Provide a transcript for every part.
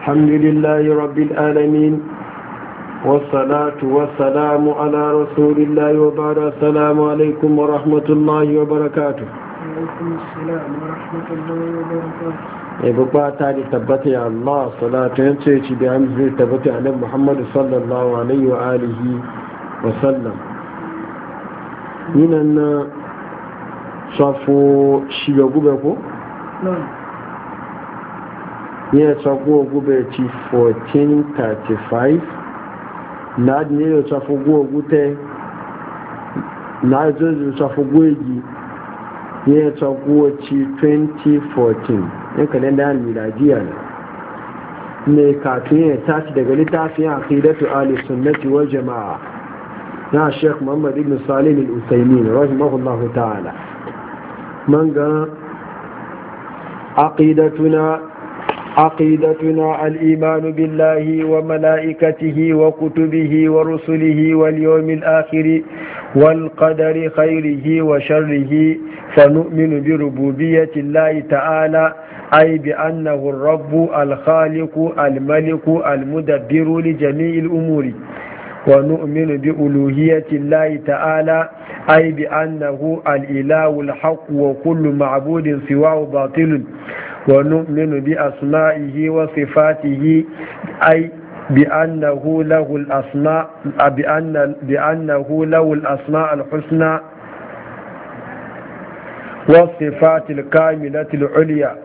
الحمد لله رب العالمين والصلاة والسلام على رسول الله وبعد السلام عليكم ورحمة الله وبركاته عليكم السلام ورحمة الله وبركاته يبقى تعالي ثبت يا الله صلاة ينسيتي بأمزل ثبت على محمد صلى الله عليه وآله وسلم من أن صفو شيوغو بكو نعم ya yana tsako gube ci 1435 na adini yana tsafo gowa gute na azozu tsafo gogi yana tsako ci 2014 yan kalenda yan miladiya ne mai kafin ya tashi daga littafin akidatu ali sunnati wal jama'a na sheikh muhammad ibn salim al-usaimin rahimahullahu ta'ala man ga aqidatuna عقيدتنا الإيمان بالله وملائكته وكتبه ورسله واليوم الآخر والقدر خيره وشره فنؤمن بربوبية الله تعالى أي بأنه الرب الخالق الملك المدبر لجميع الأمور ونؤمن بألوهية الله تعالى أي بأنه الإله الحق وكل معبود سواه باطل ونؤمن بأسمائه وصفاته أي بأنه له الأسماء بأن بأنه له الأسماء الحسنى والصفات الكاملة العليا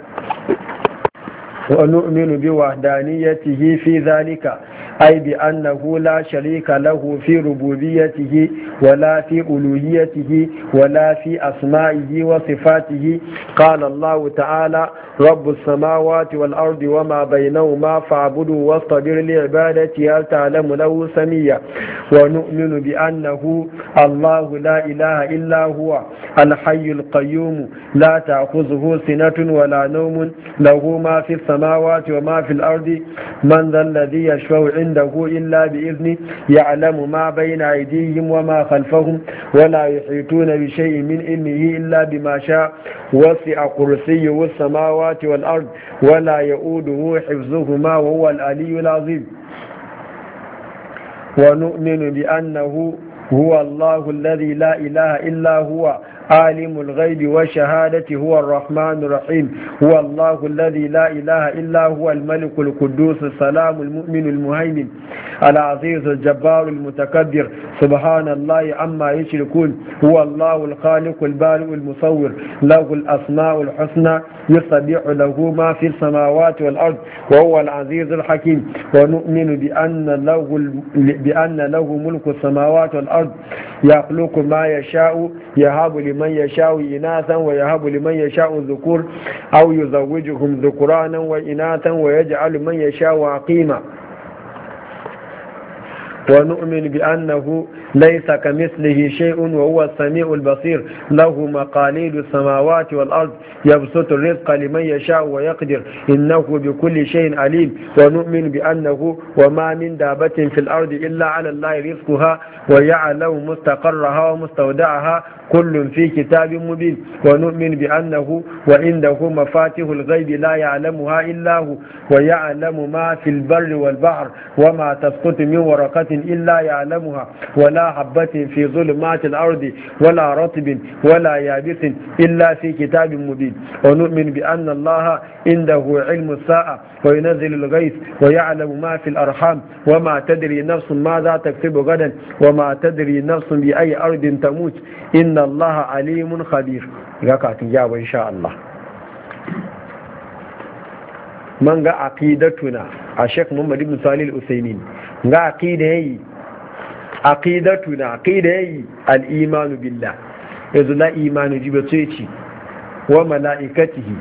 ونؤمن بوحدانيته في ذلك أي بأنه لا شريك له في ربوبيته ولا في ألوهيته ولا في أسمائه وصفاته قال الله تعالى رب السماوات والأرض وما بينهما فاعبدوا واصطبر لعبادتي هل تعلم له سميا ونؤمن بأنه الله لا إله إلا هو الحي القيوم لا تأخذه سنة ولا نوم له ما في السماوات وما في الأرض من ذا الذي يشفع عنده إلا بإذنه يعلم ما بين أيديهم وما خلفهم ولا يحيطون بشيء من علمه إلا بما شاء وسع كرسيه السماوات والأرض ولا يؤوده حفظهما وهو العلي العظيم ونؤمن بأنه هو الله الذي لا إله إلا هو عالم الغيب والشهادة هو الرحمن الرحيم هو الله الذي لا إله إلا هو الملك القدوس السلام المؤمن المهيمن العزيز الجبار المتكبر سبحان الله عما يشركون هو الله الخالق البارئ المصور له الأسماء الحسنى يصبح له ما في السماوات والأرض وهو العزيز الحكيم ونؤمن بأن له, بأن له ملك السماوات والأرض يخلق ما يشاء يهاب لمن liman yasha'u inathan wa yahabu liman yasha'u dhukur aw yuzawwijuhum dhukranan wa inathan wa yaj'alu man yasha'u aqima ونؤمن بأنه ليس كمثله شيء وهو السميع البصير له مقاليد السماوات والأرض يبسط الرزق لمن يشاء ويقدر إنه بكل شيء عليم ونؤمن بأنه وما من دابة في الأرض إلا على الله رزقها ويعلم مستقرها ومستودعها كل في كتاب مبين ونؤمن بأنه وعنده مفاتيح الغيب لا يعلمها إلا هو ويعلم ما في البر والبحر وما تسقط من ورقة illa ya'lamuha wala habatin fi zulumatil ardi wala ratbin wala yabisin illa fi kitabin mubin wa nu'min bi anna allaha indahu ilmu sa'a wa yunzilu al-ghayth wa ma fi al-arham wa ma tadri nafsun ma za taktubu gadan wa ma tadri nafsun bi ayi ardin tamut inna allaha alimun khabir ga ka tijaba Allah man ga aqidatuna a shek Muhammad ibn Salih al Nga aqida yayi aqidatu na aqida yayi al-imanu billah yanzu la imanu jibe ci, wa mala'ikatihi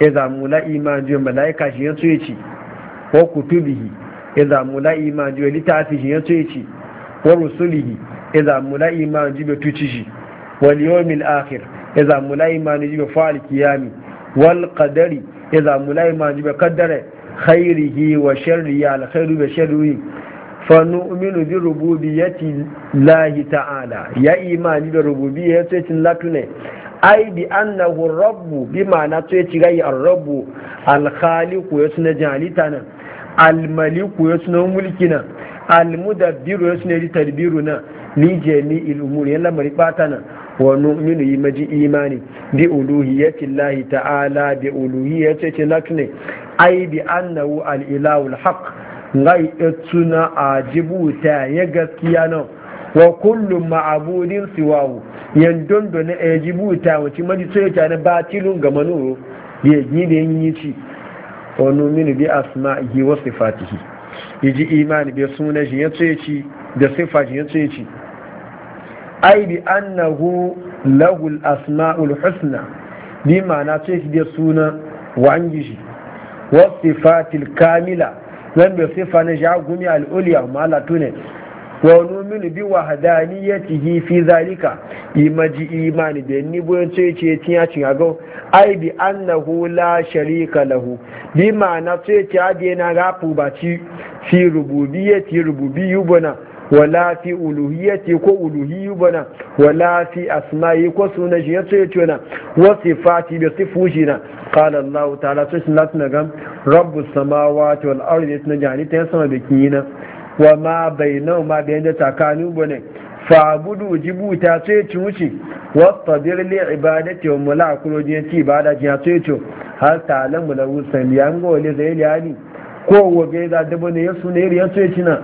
ya zamu la imanu jibe mala'ika shi ya ci. wa kutubihi ya zamu la imanu jibe litafi shi ya tsoyici wa rusulihi ya zamu la imanu jibe tuci shi wa yawmil akhir ya zamu la imanu jibe fa'al kiyami wal qadari ya zamu la imanu jibe kaddara khairihi wa sharrihi al khairu bi sharri fanu'minu bi rububiyyati lahi ta'ala ya imani da ce cin latune ai bi annahu rabbu bi ma'ana tsoyaci gai ar-rabbu al-khaliqu ya suna jalita nan al-maliku ya suna mulki nan al-mudabbiru ya suna tadbiru nan ni jami'il umuri ya lamari bata nan wa nu'minu yi maji imani bi uluhiyyati lahi ta'ala bi uluhiyyati latune ai bi annahu al-ilahu al-haqq ngai etuna ajibu ta ya gaskiya nan wa kullum ma'abudin siwawu yan dondo na ajibu ta wace maji sai ta na batilun ga manuro ya yi da yin yi ci wa nominu bi yi wa sifatihi yaji imani bi suna shi ya ce ci da sifa shi ya ce ci ai bi annahu lahu al-asma'ul husna bi ma'ana ce shi da suna wa an wa sifatil kamila lam bi sifa na ja gumi al uliya ma la tune wa nu'minu bi wahdaniyatihi fi zalika imaji imani da ni bo ce ce tiya cin ago ai bi annahu la sharika lahu bi ma na ce ce ade na ba fi rububiyati rububiyyu bana wala fi uluhiyyati ko uluhiyyu bana wala fi asma'i ko sunan shi yace yace na wa sifati bi sifushi na qala Allah ta'ala to shi lati na gam rabbus samawati wal ardi tana jani ta sama da kina wa ma ma bayan da takanu bane fa'budu jibuta to yace wuce wastabir li ibadati wa mulakulu jinati ibada jinati yace hal ta'lamu lahu samiyan go le zai yani ko wa ga da dabane yasu ne yace na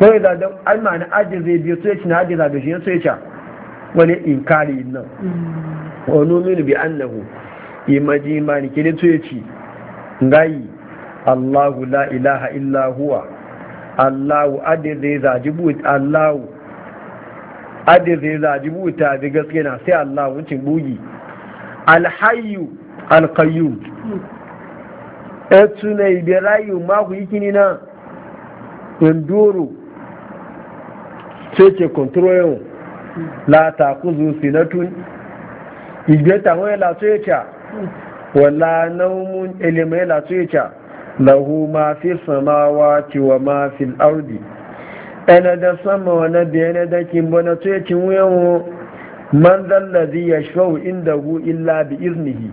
ko da da alma na zai biyo to na ajiza da shi yace wani inkari nan mm. wani numinu bi annahu imaji yi kide to yace ngai Allahu la ilaha illa huwa Allahu ajize zajibu Allahu ajize zajibu ta bi gaske na sai Allahu wucin bugi alhayu alkayu mm. etu na ibe rayu ma ku kini na yanduru sai ke kontrolin la ta sinatun igbeta wani lato ca wala naumun ilimai yana ya ca lahu ma fi samawa ci wa ma fi ardi da sama wani da yana da kimbo na to ya man zallazi ya shau inda hu illa bi iznihi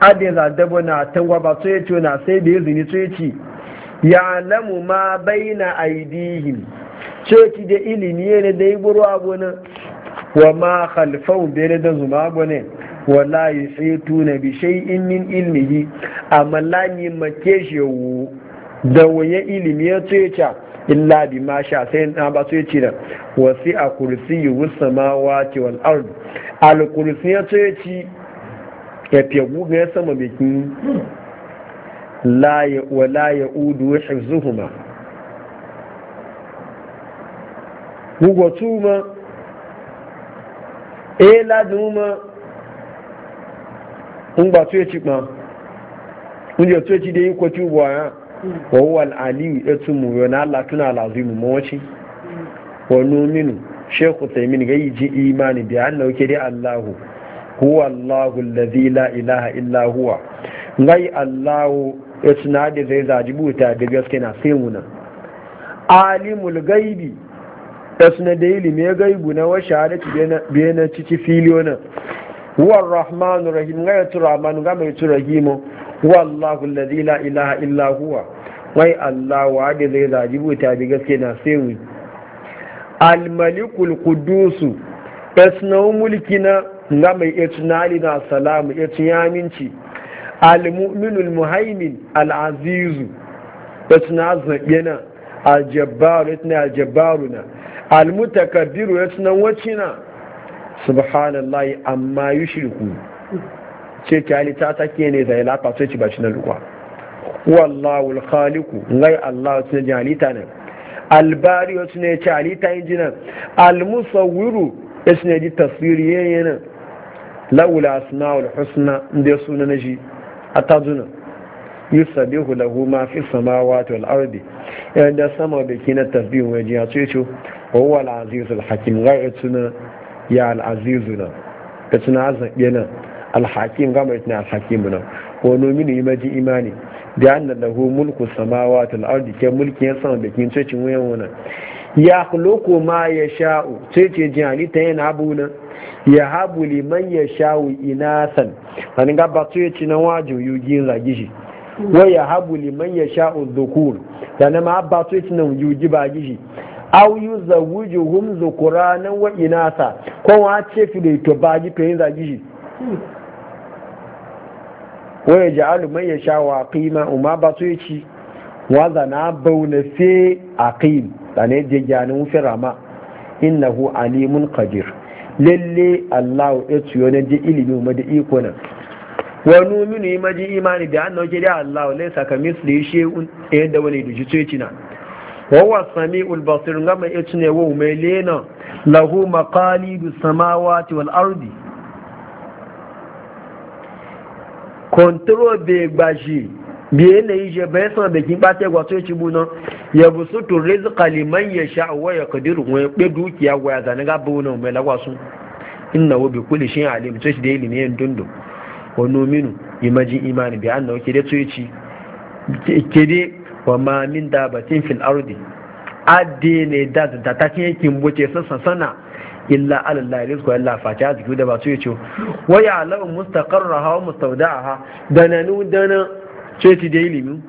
adin zadebo na tangwa ba to na sai da izini to ya alamu ma bayina aidihim coci da ilimi ne da yi buru abunan wa ma khalfau bere da zuma abunan wa wala yi tsetu na bishai in min ilmihi a lani make shi da wani ilimi ya tsoyaca illa bi ma sha sai na ba tsoyaci da wasi a kursi yi wusa ma wace wal ardu al kursi ya tsoyaci ya fegu ga ya sama bikin la ya udu hifzuhuma wugotu ma e ladun ma n gba tó ẹ̀chí pa n jẹ́ tó ẹ̀chí dé yín kọtí wọ̀ ya hmm. wọ́n wà aliyu ẹ̀tù mú yọ na alatun alazu mu mọ́ wọ́chí hmm. wọ́n nú mínú sheikh taimin ga yi ji imani bi an nauke dai allahu huwa allahu alladhi la ilaha illa huwa ngai allahu ya suna da zai zaji buta da gaske na sai muna alimul gaibi kasu na da ilimi ya gaibu na da ci biya na ciki filiyonin huwar rahmanu rahim ga yato rahmanu ga mai tura himu wallahu lalzi la ilaha illa huwa wai allah wa da zai zaji buta bi gaske na sai almalikul kudusu esnau mulki na ga mai etunali na salamu etun yaminci almu'minul muhaimin al'azizu etun azzaɓe na aljabbaru etun na almutakabbiru ya wacce na? Subhanallah amma shirku ce kyali ta take ne zai lafa sai ci bashi na lukwa wallahu alkhaliku ngai allah sun ji halita ne albari ya tunan ya ci halita yin jinan almusawwiru ya tunan ji taswiri yayin laula asma'ul husna inda ya suna na shi a tazunan yusabihu lahu ma fi samawati wal ardi yanda sama da kina tasbihu wa ya ce Wa huwa al aziz al hakim ga tuna ya al aziz na da azan yana al hakim ga mai tuna al hakim na ko no imaji imani da anna lahu mulku samawati wal ardi ke mulki ya sama da kin ce cin wayan wannan ya khluqu ma yasha'u cece ce jani ta yana abuna ya habu liman yasha'u inasan an ga batu ya na wajo yugi zagi wa ya habu liman ya sha'u dhukur sannan ma abba to yace nan yuji ba gishi aw yuzawwijuhum dhukurana wa inasa ko wa ce fi da to ba gi to za gishi wa ya ja'alu man ya sha'u aqima umma ba to yace wa zana bauna fi aqim ne je janin fi rama innahu alimun qadir lalle Allah ya tsiyo ne je ilimi ma da iko nan wa numinu yi maji imani da annahu ke da Allah lai sakamis da shi yadda wani da jito ci na wa huwa sami basir ngama ya tune wa mai lena lahu samawa ti wal ardi control be gbaji bi yanayi je bai san da kin bate gwato ci buna ya busutu rizqa liman yasha wa yaqdiru wa be dukiya ya zanaga buna mai lagwasu innahu bi kulli shay'in alim da ilimi dundun wa nominu imajin imani bi annahu ke da tsoyici ke de wa ma min batin fil ardi adde ne da da ta kin yakin boce sassan sana illa alallahi rizqu illa fatiha zikiru da ba tsoyici wa la mustaqarraha wa mustawda'aha da dana tsoyici da ilimi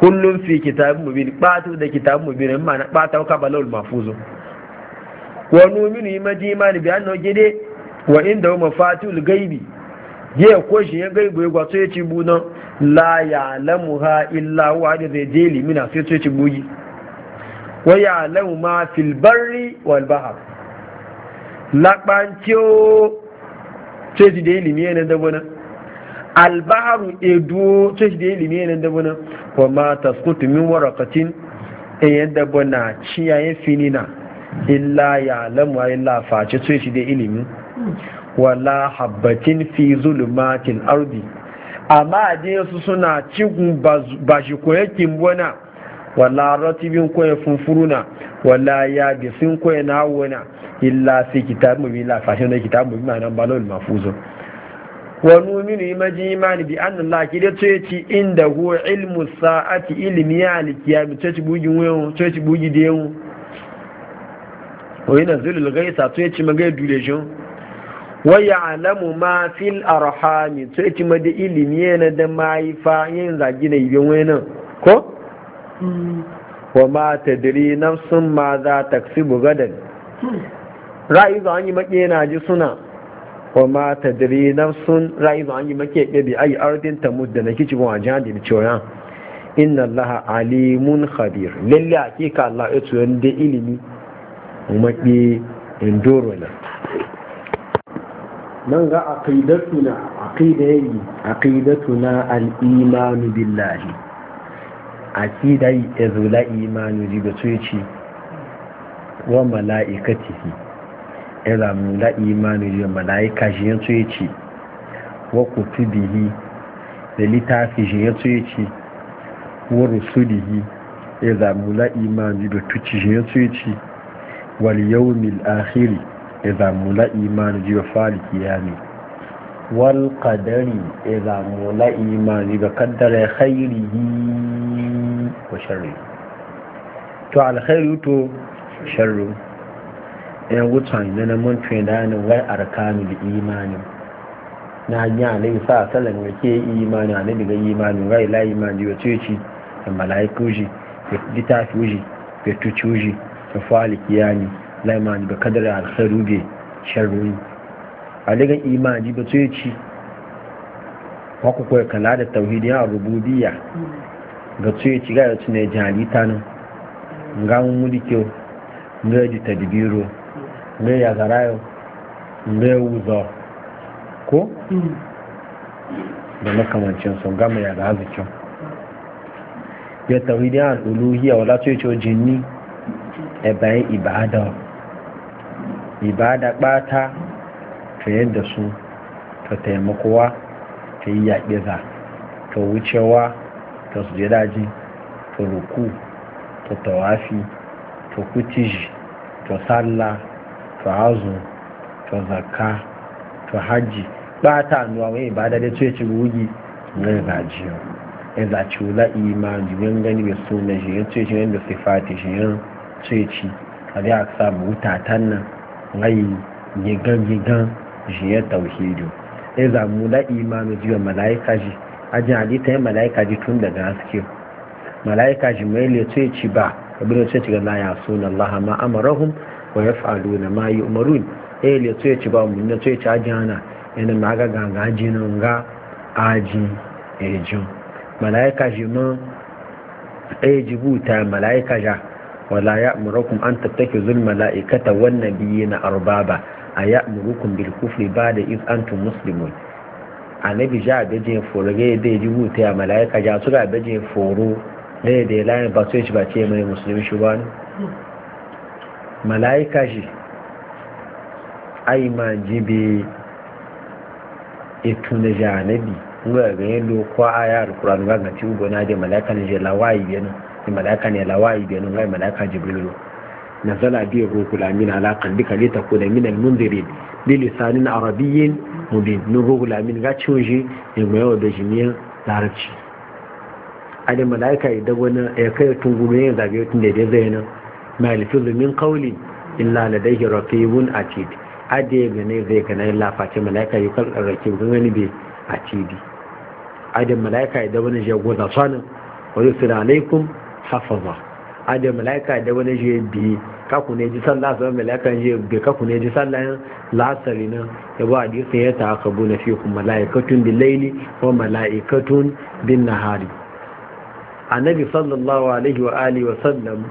kullum fi kitabin mubin batu da kitabin mubin ma'ana batau kabalul mafuzu wa nominu imaji imani bi annahu ke de wa inda wa fatul gaibi ya koshi ya gaibu ya gwato ya ci buna la ya lamu ha illa wa da zai je limina sai to ci bugi wa ya lamu ma fil barri wal bahar laɓanciyo sai ji da ilimi yana dabana albaharu edu sai ji da ilimi da dabana wa ma taskutu min warakatin in yadda bana ciyayen finina illa ya lamu ha illa face sai ji da ilimi. wala habbatin fi zulumatin ardi amma je su suna cikin ba shi koyakin wana wala ratibin koya funfuruna wala ya bisin koya na wana illa fi kitabu mubin la fashin da kitabu mubin ma'anan balawul mafuzo wa numinu imaji imani bi anna Allah ki da ci inda hu ilmu sa'ati ilmi ya alkiyami ci bugin wayo ci bugi da yawo wa yana zulul gaisa ci magai dulejin Waya alamu ma fil arhami to yace ma da ilimi yana da mahaifa yin zagi na ibin wani ko wa ma tadri nafsun ma za taksibu gadan ra'ayi za yi maƙe yana ji suna wa ma tadri nafsun ra'ayi za yi maƙe bi ai ardin ta da na kici ba wajen hadin cewa inna allaha alimun khabir lalle hakika allah ya tsoron da ilimi maƙe indoro na nan ga aqidatuna aqidai aqidatuna al-iman billahi aqidai izula imanu ji da tsoci wa malaikatihi ila la imanu ji malaika ji ya tsoci wa kutubihi da litafi ji ya tsoci wa rusulihi ila la imanu ji da tuci ji ya tsoci wal yawmil akhirih إذا mula imanu jiwa fali kiyami wal إذا idza mula imanu قدر خيره وشره wa على to al شره إن وطن ya wutan na mun أركان ni imani na yi alai sa salan yake imani ne daga imani rai la imani wa ceci da mala'iku da littafi wuji da tuci wuji da fali kiyami laiman ga kadara alkhairu be sharruni a daga imani ba sai ci haka kuwa kala da tauhidin a rububiyya ga sai ci ga yasu ne jihalita nan ga mun mulkiyo ga ji tadbiro ga ya garayo ga wuzo ko da makamancin sun gama ya gaza kyau ya tauhidin al'uluhiyya wala sai ci jinni ẹ̀bẹ̀rin ibada ibada bata ta yadda su ta taimakowa ta yi yaƙi za ta wucewa ta daji, ta ruku ta tawafi ta kutiji ta sallah ta hazu ta zakka ta hajji bata nuwa wani ibada da ce ci rugi na zajiyo ya zaci wula jiyan gani da suna shi ya ce shi yadda sifati shi ce ci a da ya samu wutatan nan rai gigan-gigan jiyar tauhidu ya e zamu da imanu jiwa mala'ika ji ajin halitta ya mala'ika ji tun daga haske mala'ika ji mai leto ya ci ba abin da ci ga la ya so na Allah ma amarahum wa ya fa'alu na ma yi umarun ya e leto ya ci ba mu e na to ya ci ajin hana yana ma ga ganga ajin ga ajin ejin mala'ika ji ma ya jibuta mala'ika ja wala ya'murukum an tattakizul mala'ikata wan nabiyina arbaba aya'murukum bil kufri ba'da id antum muslimun anabi ja beje foro da de wuta te malaika ja su ga beje foro de de lain ba su sai ba ce mai musulmi shi ba ne? malaika ji ai ma jibi itune ja anabi ngwa ga yelo kwa aya alquran ga ga ci na je malaika na je lawayi yana Malaka ne lawayi da nan gai malaika jibrilu nazala bi ruhul amin ala qalbika li takuna min al mundirin li lisanin arabiyyin mubin nun ruhul amin ga chuji ne mai da jimiyan larabci ade malaika da wani ya kai ne da ga tun da zai nan ma yalfizu min qawli illa ladayhi raqibun atid ade ne zai gane lafacin malaika yi kan rakin gani bi atidi ade malaika da wani jagoza sanin wa yusra alaikum hafaza a da mala'ika da wani je biyi kaku ne ji sallah sai mala'ika je bi kaku ne ji sallah lasari nan ya ba hadisin ya ka na fi kuma mala'ikatun bi laili wa mala'ikatun bin nahari annabi sallallahu alaihi wa alihi wa sallam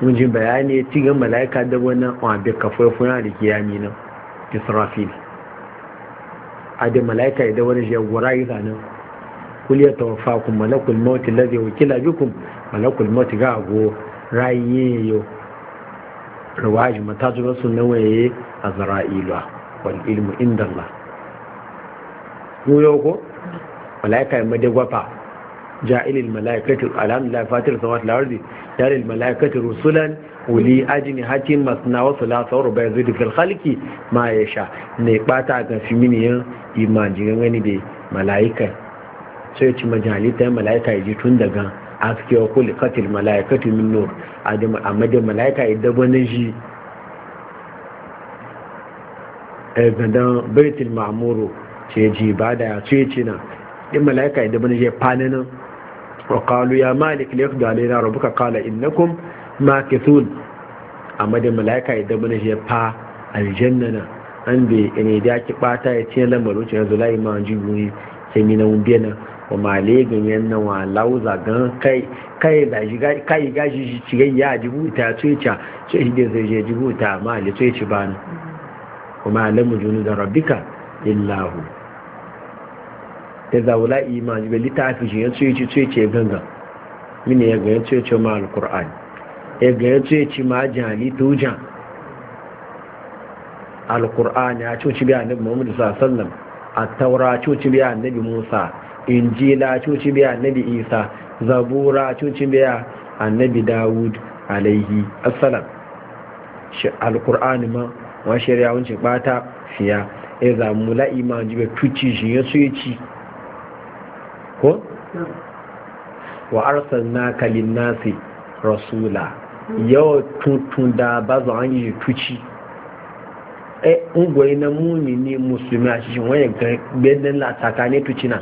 mun ji bayani ci ga mala'ika da wani wa bi kafofin da kiyami nan israfil a da mala'ika da wani je gura yi zanen kuliyar ya tawaffakum malakul maut alladhi wakila bikum malakul moti ga ago rayi yo rawaji matajiba sun nawaye azra'ila wal ilmu inda Allah ko ko malaika ya made gwafa ja'ilil malaikatu alam la fatir samawati wal ardi ja'ilil malaikatu rusulan uli ajini hakim masna wa thulatha wa rubai zidi fil khalqi ma yasha ne bata ga fimini yan imani gani be malaika sai ci majalita malaika yaji tun daga aske wa kulli katil malaikatu min nur amma Amade, malaika idan wani shi eh, gandan baitul ma'muru ce ji ba da ya ce ce na in malaika idan wani shi fani nan wa qalu ya malik liyaqdi alaina rabbuka qala innakum makithun amma da malaika idan wani shi fa aljanna na an bai ne da ki bata ya ce lamarin ce yanzu la iman jibuyi sai mina mun na wa male ganyen na wa lauza gan kai kai da kai ga shi cikin ya jibuta tsoyica so shi da zai je jibuta ma le tsoyici ba ni kuma alamu junu da rabbika illahu da zaula imani bai littafi shi ya tsoyici tsoyici ganga mini ya ganyen tsoyici ma alkur'ani ya ganyen tsoyici ma jani tujan alkur'ani a coci biya annabi muhammadu sallallahu alaihi wasallam a taura coci biya annabi musa injila cuci biya annabi isa zabura cuci biya annabi dawud alaihi assalam alkur'ani ma wa shari'a wuncin bata fiya ya zamu la'i ma jibe tuci shi ya suye ci ko wa arsalna kalin nasi rasula yau tuntun da ba za an yi tuci e eh, ungwai na muni ne musulmi a cikin wani gbẹ̀dẹ̀ la tsakanin tuci na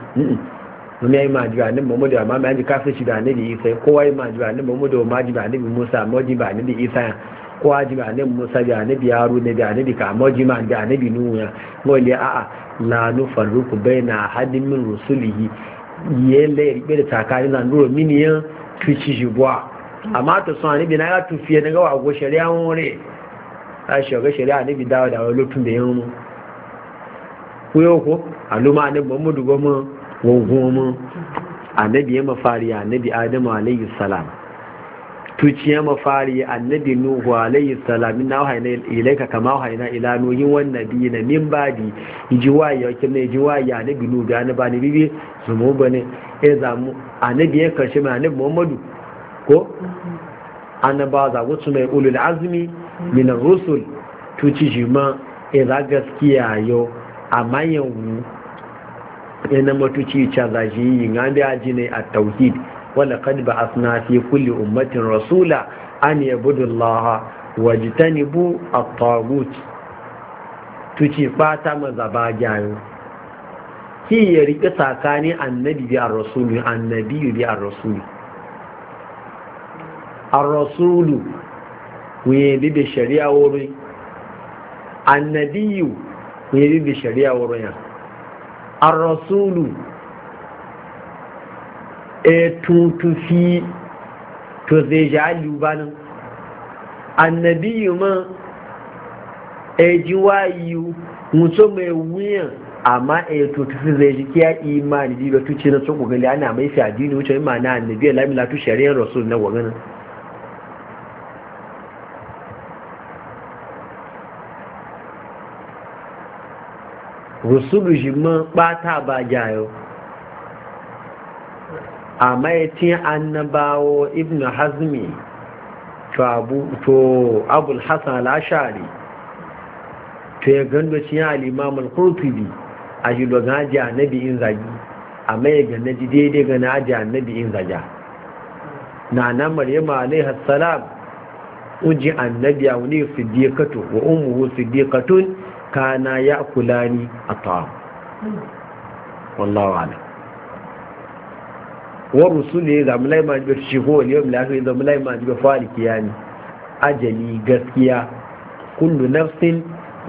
wani ya yi majiba nan mamu da amma mai ji kafin shi da ni da isa kowa yi majiba nan mu da ma ji ba ni da musa ma ji ba ni da isa kowa ji ba ni musa da ni da yaro ne da ne da kama ji ma da ni da nuna wani a'a la nufarruku bai na hadin min rusulihi yele ribe da takari na nuro miniyan kici jibwa amma to sun bi na ya tufiye na wa go shari'a wore a shoga shari'a anibi dawo da wani lutun da yawon kuyo ko aluma anibi mamudu goma goma annabi ya mafari annabi adamu alayhi salam tuciya mafari annabi nuhu alayhi salam inna wahayna ilayka kama wahayna ila nuhin wan nabiyina min badi ji waya kin ne ji waya annabi nuhu da annabi ne bibi mu bane e zamu annabi ya karshe mai annabi muhammadu ko annaba za ku mai ulul azmi min ar-rusul tuci jima e za gaskiya yo amma yanzu na matuci caza shi yi nga da aji ne a tauhid wala kad ba suna fi kulli ummatin rasula an yabudu Allah wa jitanibu at-tagut tuci fata ba gyaru. ki ya riƙe tsakani annabi bi ar-rasulu annabi bi ar-rasulu ar-rasulu wuye bi bi shari'a wuri annabiyu yi bi bi shari'a wuri yan ar-rasulu e tutufi to zai ja annabiyu ma e ji wayu muso mai wuyan amma e tutufi zai ji kiya imani biyu, ba tuci na tsokogali ana mai fi adini wuce imani annabiyu lamila tu shari'ar rasul na waganin rusulu shi man bata ba jayo a maitin annabawo ibn hazmi to abul hassan al'ashari to ya gando cikin alimamul kurtubi a shi dogon hajji annabi in zagi a mai gane ji daidai gane hajji annabi in zaga na nan maryama alaihi salam uji annabi a wani siddiqatu wa ummuhu siddiqatun kana ya ni a ta'am wallawa ala wa rusuli ga mulai ma jibar shigo ne yau lafi ga mulai ma jibar fa'ali kiyani ajali gaskiya kullu nafsin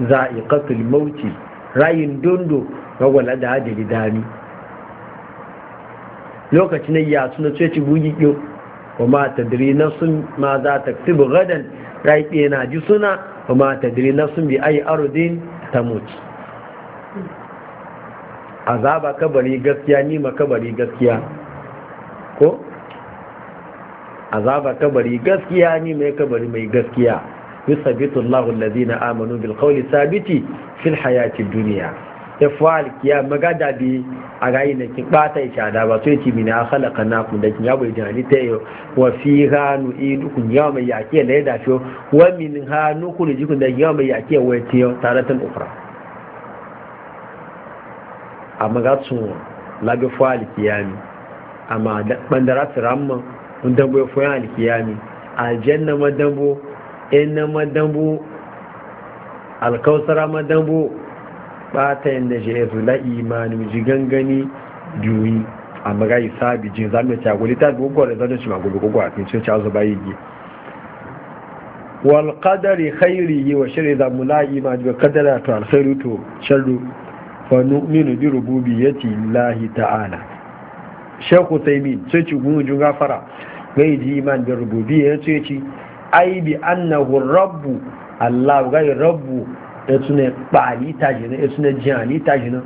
za a za'iqatul mauti rayin dondo ga wala da ajali dami Lokaci lokacin ya suna ce ci bugi kyo wa ma tadri nafsun ma za ta tsibu gadan rai na ji suna kuma ta diri sun bi ayi arudin ta mutu azaba kabari gaskiya nima kabari gaskiya ko azaba kabari gaskiya ni mai kabari mai gaskiya yusabitu Allahu amanu bil sabiti fil hayati dunya ifwal kiya magada bi a rayi na ki bata isha da ba sai ci mina khalaqa na kun da kin yabo jani ta yi wa fi hanu idu kun yawa mai yake la da fiyo wa min hanu kun ji kun da yawa mai yake wa ti yo taratan ukra amma ga su la bi kiya kiyami amma da bandara tiramma undan boye fwal kiyami aljanna madambo inna madambo alkausara madambo bata yadda shi ya zula imani ji gangani duyi a magayi sabi jin zamiya ta guli ta gugu da zanen shi magulu gugu a cikin cewa zuba yi gi wal qadari khairi yi wa shirya zamu la imani wa kadara to alkhairu to sharru fa nu'minu bi rububiyyati llahi ta'ala shekhu taimin sai ci jun gafara gai ji iman da rububiyya ya ce ci ai bi annahu rabbu allah gai rabbu etuna kpali tajina etuna jihani tajina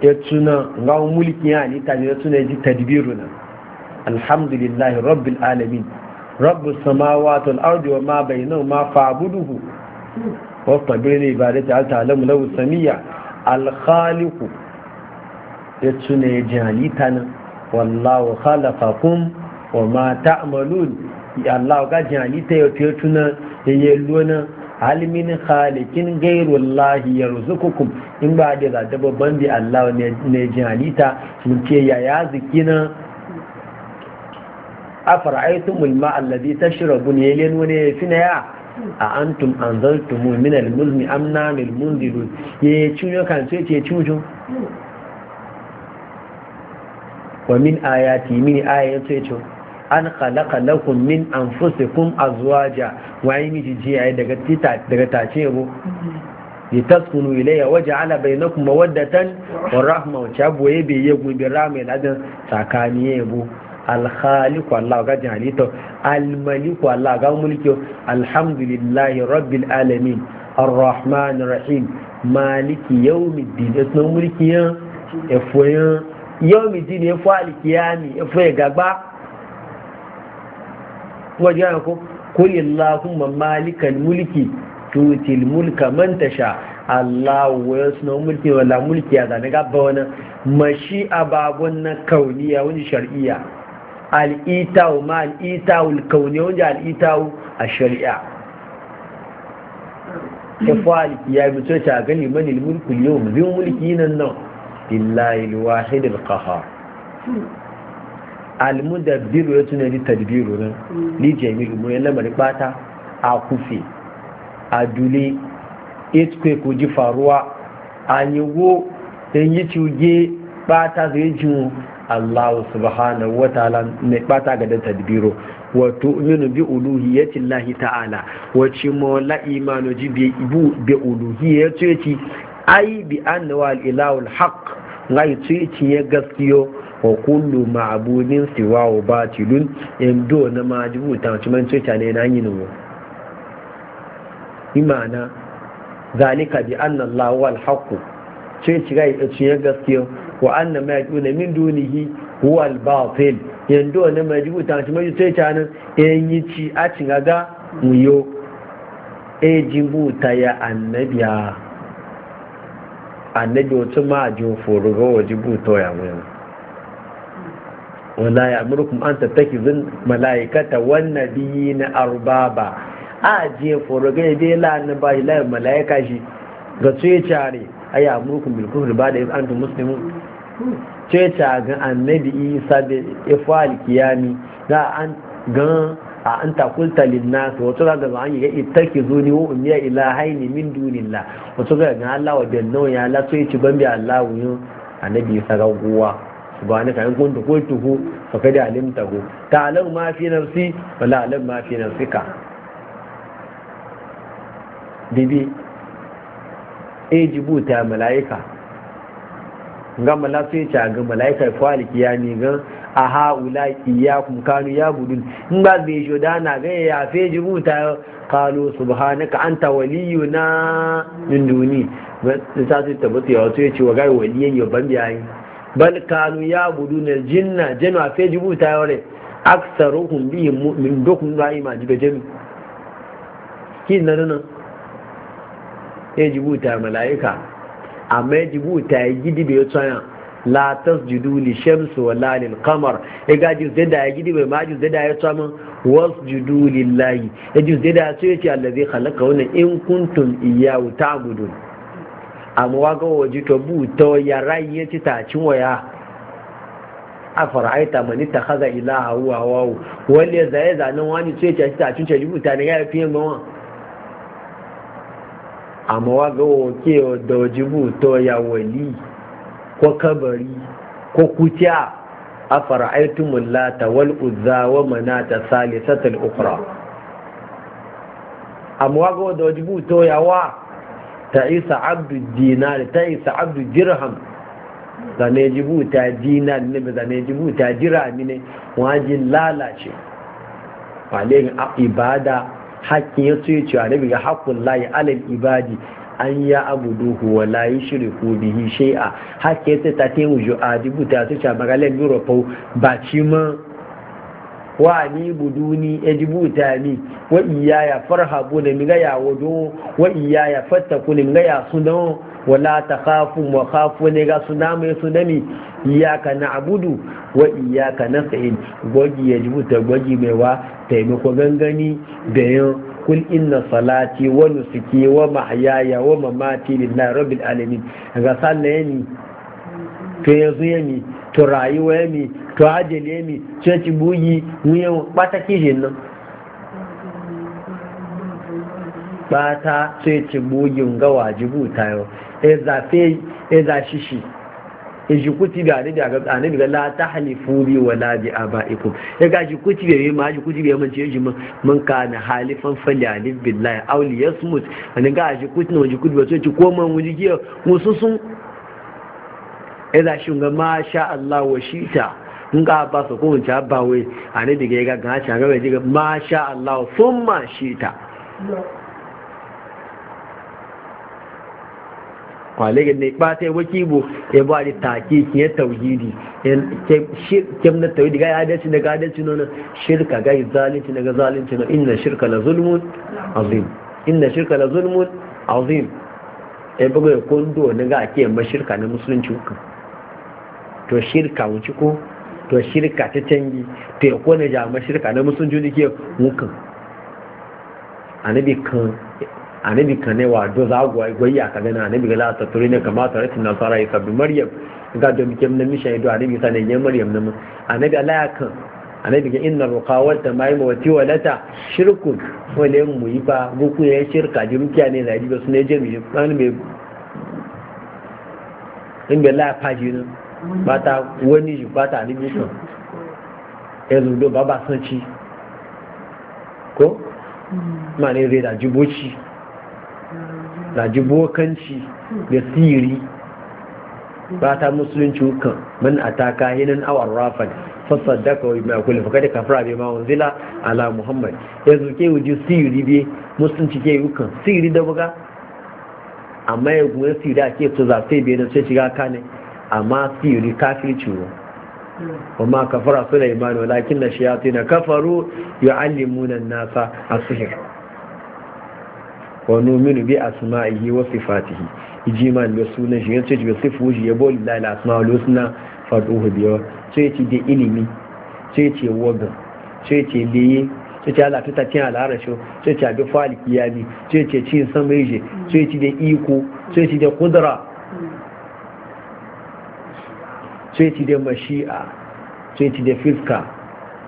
etuna nga mulki yani tajina etuna ji tadbiruna alhamdulillahi rabbil alamin rabbus samawati wal al'adu wa ma bai ma bainahuma fa'buduhu wa tabir li ibadati al ta'lamu law samia ya khaliq etuna jihani tana wallahu khalaqakum wa ma ta'malun ya allah ga jihani tayo tuna yayi lona halmin khalikin gairullahi yarzukukum in ba da za ta babban bi Allah ne jin halitta mun ce ya ya zikina afara'aytum alma alladhi tashrabun yalin wani fina ya a antum anzaltum min almulmi am namil mundirun ye cinyo kan ce ce cinjo wa min ayati min sai ce an khalaqa lakum min anfusikum azwaja waye miji jiya daga tita daga tace yabo li taskunu ilayya wa ja'ala bainakum mawaddatan wa rahma wa chabu ye be ye gun bi rahma ladan takani yabo al khaliq allah ga jalito al malik Allah, ga mulki alhamdulillahi rabbil alamin arrahman rahim maliki yau esno mulki yan efoyan yawmiddin efo waje ya mamalikal kuli Allahumma malikal mulki tutil mulka man tasha Allah wa na mulki wala mulki ya zane gaba wani mashi ababun na kauniya wani shar'iyya al'itawu ma al'itawu kauniya wani al'itawu a shari'a ifa ya bi so ta gani mani mulki yau bin mulki nan nan billahi al-qahar almudabbiru ya tuna ni tadbiru nan mm. ni jami'u mu yan lamari bata a kufi a dule ko ji faruwa a yiwo dan yi cuge bata zai ji Allah subhanahu wa ta'ala ne bata ga dan tadbiru wato minu bi uluhiyyati Allah ta'ala wa ci mo la imanu ji bi ibu bi uluhiyyati ai bi anna ilahul haqq ngai ci ci gaskiyo wa kullu ma'abudin siwa wa batilun do na majibu ta wacce man cuta ne na yi nuno imana zalika bi anna Allah wal haqq ce ci ga ya gaskiya wa anna ma yaquna min dunihi huwa al in do na majibu ta wacce man cuta ne en yi ci a cin ga muyo e ta ya annabiya annabi wata ma'ajin foro ga wajibu to ya muyo wala ya amurkum an tattakizun malaikata wan nabiyina arbaba a je foroga be la na ba ila malaika shi ga ce tare ay amurkum bil kufri ba da antum muslimu ce ta ga annabi isa da ifal kiyami ga an ga a an takulta wa wato da ba an yi ni wa ummiya ilahaini min dunillah wato tura ga Allah wa bin ya la ce ci ban bi Allah wa annabi isa ga guwa fa in kuntu ta faqad ta alam ma fi nafsi wa la a'lamu ma fi nafsika bibi jibu ta malaika ga mala sai ta ga malaika kwaliki ya ni ga a haula iyakum kanu ya budun in ba zai yi da na ga ya fe jibu ta kalu subhanaka anta waliyuna min duni ta sai tabbata ya ya ce wa gai waliyan yaban biyayi bal kanu ya budu na jinna jenu a fe jibu ta yore aksaruhum bi mu'min dokun na ima jibe jenu ki na nan ya jibu ta malaika amma ya jibu ta yi gidi bai tsaya la tasjudu li shamsi wa la lil qamar e ga jizda da ya gidi bai ma jizda da ya tsama wasjudu lillahi ji jizda da ya ce allazi khalaqa wa in kuntum iyyahu ta'budun amma ga waje to buto ya rayi ya ci tacin waya a fara'aita mani ta haza ilaha huwa wawo wani ya zaye zanen wani ce ce tacin ce buta ne ya fi yin gawa amma wa ga waje da waje buta ya wali ko kabari ko kutiya a fara'aitun lata wal uzza wa ta salisatul ukra amma wa ga waje buto ya wa ta isa abdu dinar taisa isa abdu dirham zane jibuta dinar ne ba zane jibuta dirami ne wajin lalace falin ibada hakkin ya tsoye cewa nabi ga layi alal ibadi an ya abu duhu wa layi shiri ko bihi shai'a haƙƙin ya ta ta taimu ju'a jibuta su ca magalen europol ba ci ma wa ni buduni ejibuta ni wa iyaya farhabu ne mi ga ya wodo wa iyaya fattaku ne mi ya sunan wala takhafu wa khafu ne ga suna mai sunami iyaka na'budu wa iyaka nasta'in gwaji ejibuta gwaji mai wa taimako gangani da yin kul inna salati wa nusuki wa mahyaya wa mamati lillahi rabbil alamin ga sallaye ni to yanzu yami to rayuwa ya mi to ajali ya mi ce ci buyi wuyan bata kishin nan bata ce ci buyin ga wajibu ta yau e zafe e za shishi e shi kuti da ne daga tsanin daga la ta halifu bi wa la bi iku e ga shi kuti bai yi ma shi kuti bai man ce shi mun ka na halifan fali alif billahi auli yasmut wani ga shi kuti na wani kuti ba ce ci ko man wani giya musu sun ila shi ga ma sha Allah wa shita in ga ba su kun ta ba wai ani diga ga ga ta ga wai diga ma sha Allah thumma shita kwale ga ne ba sai waki e bo ya ba da takiki ya e tauhidi e kem na tauhidi ga ya dace daga dace nan shirka ga zalunci daga zalunci nan inna shirka na zulmun azim inna shirka na zulmun azim ya buga kondo na ga ake yamma shirka na musulunci hukun to shirka wuce ko to shirka ta canji to ya kone jami'ar shirka na musun juni ke wukan anabi kan ne wa do za gwa gwaya ka gana anabi ga lata turi ne kamata ratin nasara ya sabbi maryam ga do mikem na mishan ido anabi sa ne yan maryam na anabi Allah ya kan anabi ga inna ruqawata mai mawati lata shirkun wale mu yi ba buku ya shirka jumkiya ne da dibe su ne jami'in kan me in bella faji ne bata wani yi bata níbi sàn ẹlùdó bàbá sánchi kó ma hmm. ní rẹ̀ dàjúbóchi dàjúbókanci da siri bata musulunci kan man ataka hinan awar rafal fasaddaka wa mai kulli fa kada kafara bi ma unzila ala muhammad yanzu ke wuji siri bi musulunci ke yukan siri da buga amma ya gwe siri ake to za sai da na sai shiga kane amma siri kafirci ne amma kafara sulaiman lakin na shayatu na kafaru yi alimunan nasa a suhir wa nu'minu bi a wasu fatihi iji ma da suna shi yace bi sifuji ya boli da al-asma'ul husna na biyo hudiyar ce da ilimi ce ce waga ce ce leye ce ce ala tuta tin al'ara shi sai ce abi faliki yani ce ce cin samrije ce ce da iko ce ce da kudura sai da mashi'a sai ci da fiska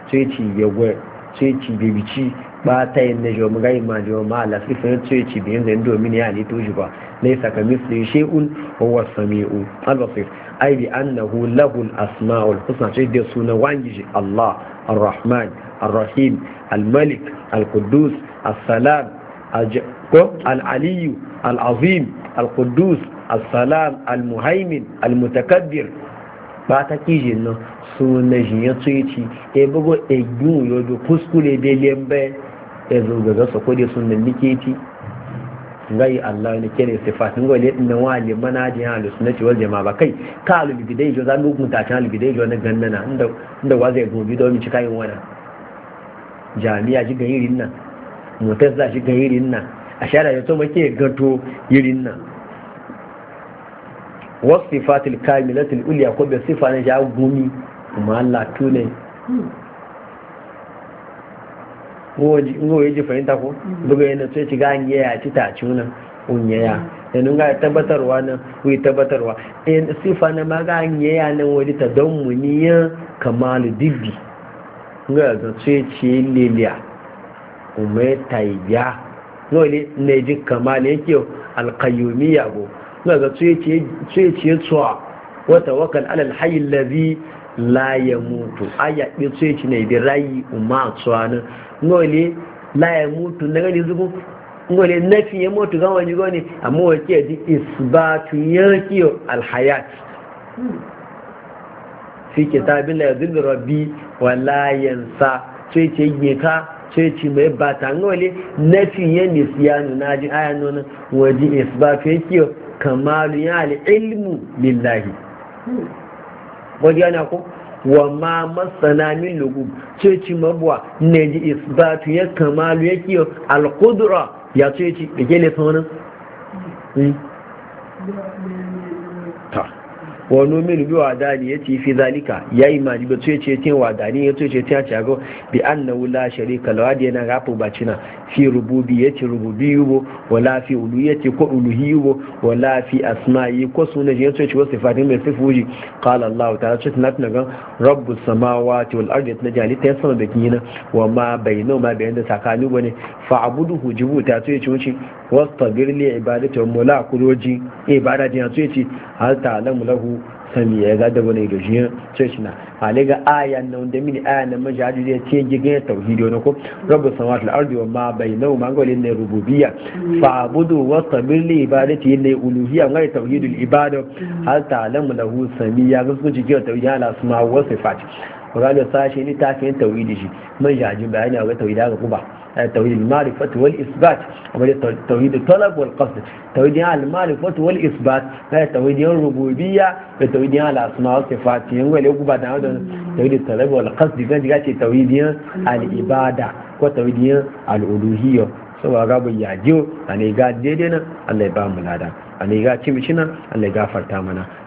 sai da gwai sai bici ba ta yin na jomi gai ma jomi ma ala sai sai ci da yanzu domin ya ne toshi ba na isa ka misli shi'un wa sami'u mi'u albasir ai bi annahu lahul asma'ul husna sai da sunan wangiji allah ar-rahman ar-rahim al-malik al-quddus as-salam al-aliyu al-azim al-quddus السلام المهيمن المتكبر ba ta kijin nan na shi ya tsoye ci ya e bugo egbun yodo kuskure da lembe ya e zo ga gasa kudi sun da liketi gai Allah ne kene sifat ngo le din wa le mana ji ha sunna ci wal jama'a ba kai ka alu bidai jo zan gugun ta kan bidai jo na gannana inda inda wa zai gobi do mi ci kayin wana jami'a ji ga yirin nan mutazza shi ga yirin nan ashara ya to make gato yirin nan wasu fatil kamilatul uliya ko bai sifa na ja gumi kuma Allah tune ngo yaji fahimta ko buga yana sai ci gani ya ci ta ci nan unyaya yanzu ga tabbatarwa nan wai tabbatarwa in sifa na maganye ya nan wani ta don muniya kamalu dibbi ga ga sai ci liliya kuma ta ya ngo ne ne ji kamal yake alqayyumiyya go na ga tsoye tsuwa wata wakan alal hayin lazi la ya mutu a yaɓe tsoye ci ne bi rayi umma tsuwa nan ngole la ya mutu na gani zuku na nafi ya mutu gan wani gani amma wace di isbatu yanki alhayat fi kitabin la yadhillu rabbi wa la yansa tsoye ce yi ka ceci mai ba ta na nafi ya nisiyanu na ji aya nuna waje isbatu ya kiyo kamalu ya al'ilmu lillahi wajen yana ko wa ma masana min lugu ce ci mabuwa ne ji isbatu ya kamalu ya kiyo alkudura ya ce ci da ke ne sauran wani mil bi wadani ya ce fi zalika ya yi maji ba tuye ce tin wadani ya tuye ce tin ce ago bi na wula shari kalawa da yana ba cina fi rububi ya ce rububi yubo wala fi ulu ya ce ko uluhi yubo wala fi yi ko suna ya tuye ce wasu fatin mai sifuji kala allah ta ce na tuna gan rabbus ta wal ardi na jali ta yi sama da na wa ma bainu ma bayyana da sakani wani. fa'abuduhu jibuta to yace wuce wastabir li ibadatu mula kuroji ibada din to yace hal ta'lamu lahu sami ya ga da wani gajiya to yace na ale ga ayan nan da mini ayan nan majadu da yace gigan tauhidi ne ko rabbus samawati wal ardi wa ma bainahuma ngole ne rububiyya fa'budu wastabir li ibadati ne uluhiyya ngai tauhidul ibada hal ta'lamu lahu sami ya ga su jigan tauhidi ala asma wa sifat ranar sashe ne tafiyan tawhidi shi man jaji bayani a ga tawhidi haka kuba eh, tawhid al-ma'rifat wal isbat amma da tawhid talab wal qasd tawhid al-ma'rifat wal isbat da eh, tawhid rububiyya da tawhid al-asma wa sifat yan talab wal qasd ga ce tawhid al-ibada ko tawhid al daidai Allah ya ba mu Allah gafarta mana